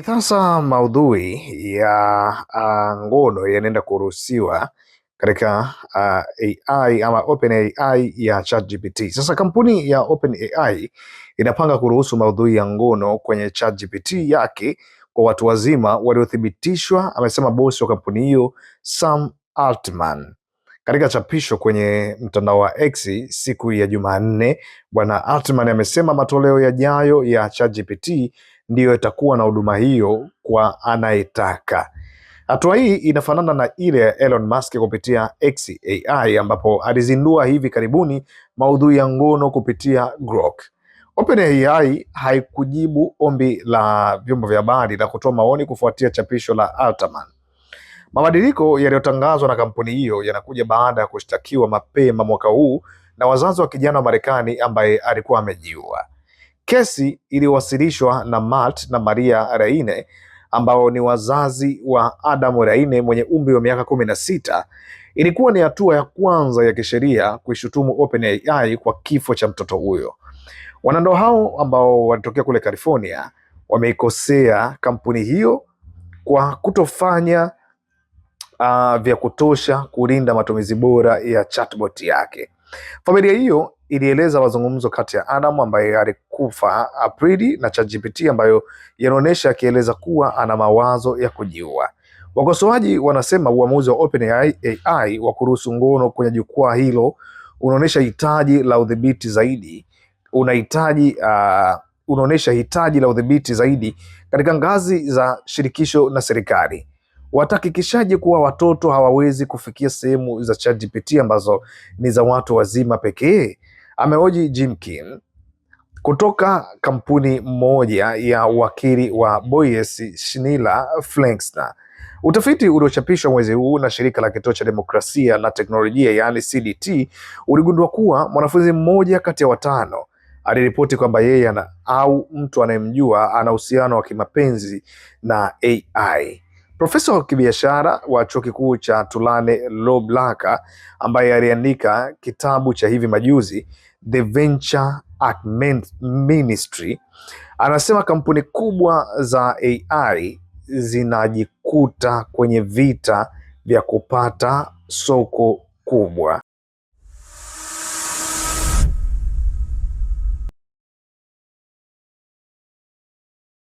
Sasa maudhui ya uh, ngono yanaenda kuruhusiwa katika uh, ah, AI ama AI ya ChatGPT. Sasa kampuni ya AI inapanga kuruhusu maudhui ya ngono kwenye ChatGPT yake kwa watu wazima waliothibitishwa, amesema bosi wa kampuni hiyo Sam Altman. Katika chapisho kwenye mtandao wa X siku ya Jumanne, Bwana Altman amesema matoleo yajayo ya ChatGPT ndiyo itakuwa na huduma hiyo kwa anayetaka. Hatua hii inafanana na ile ya Elon Musk kupitia xAI ambapo alizindua hivi karibuni maudhui ya ngono kupitia Grok. OpenAI haikujibu ombi la vyombo vya habari la kutoa maoni kufuatia chapisho la Altman. Mabadiliko yaliyotangazwa na kampuni hiyo yanakuja baada ya kushtakiwa mapema mwaka huu na wazazi wa kijana wa Marekani ambaye alikuwa amejiua. Kesi iliwasilishwa na Matt na Maria Raine ambao ni wazazi wa Adamu Raine mwenye umri wa miaka kumi na sita. Ilikuwa ni hatua ya kwanza ya kisheria kuishutumu OpenAI kwa kifo cha mtoto huyo. Wanandoa hao ambao walitokea kule California wameikosea kampuni hiyo kwa kutofanya uh, vya kutosha kulinda matumizi bora ya chatbot yake. Familia hiyo ilieleza mazungumzo kati ya Adam ambaye alikufa Aprili na ChatGPT ambayo yanaonyesha akieleza kuwa ana mawazo ya kujiua. Wakosoaji wanasema uamuzi wa OpenAI wa kuruhusu ngono kwenye jukwaa hilo unaonyesha hitaji la udhibiti zaidi unahitaji uh, unaonyesha hitaji la udhibiti zaidi katika ngazi za shirikisho na serikali watahakikishaje kuwa watoto hawawezi kufikia sehemu za ChatGPT ambazo ni za watu wazima pekee? Amehoji Jim kutoka kampuni moja ya wakili wa Boyes Shinila Flankster. Utafiti uliochapishwa mwezi huu na shirika la kituo cha demokrasia na teknolojia yaani CDT uligundua kuwa mwanafunzi mmoja kati ya watano aliripoti kwamba yeye au mtu anayemjua ana uhusiano wa kimapenzi na AI. Profesa wa kibiashara wa chuo kikuu cha Tulane Loblaka, ambaye aliandika kitabu cha hivi majuzi The Venture at Ministry, anasema kampuni kubwa za AI zinajikuta kwenye vita vya kupata soko kubwa.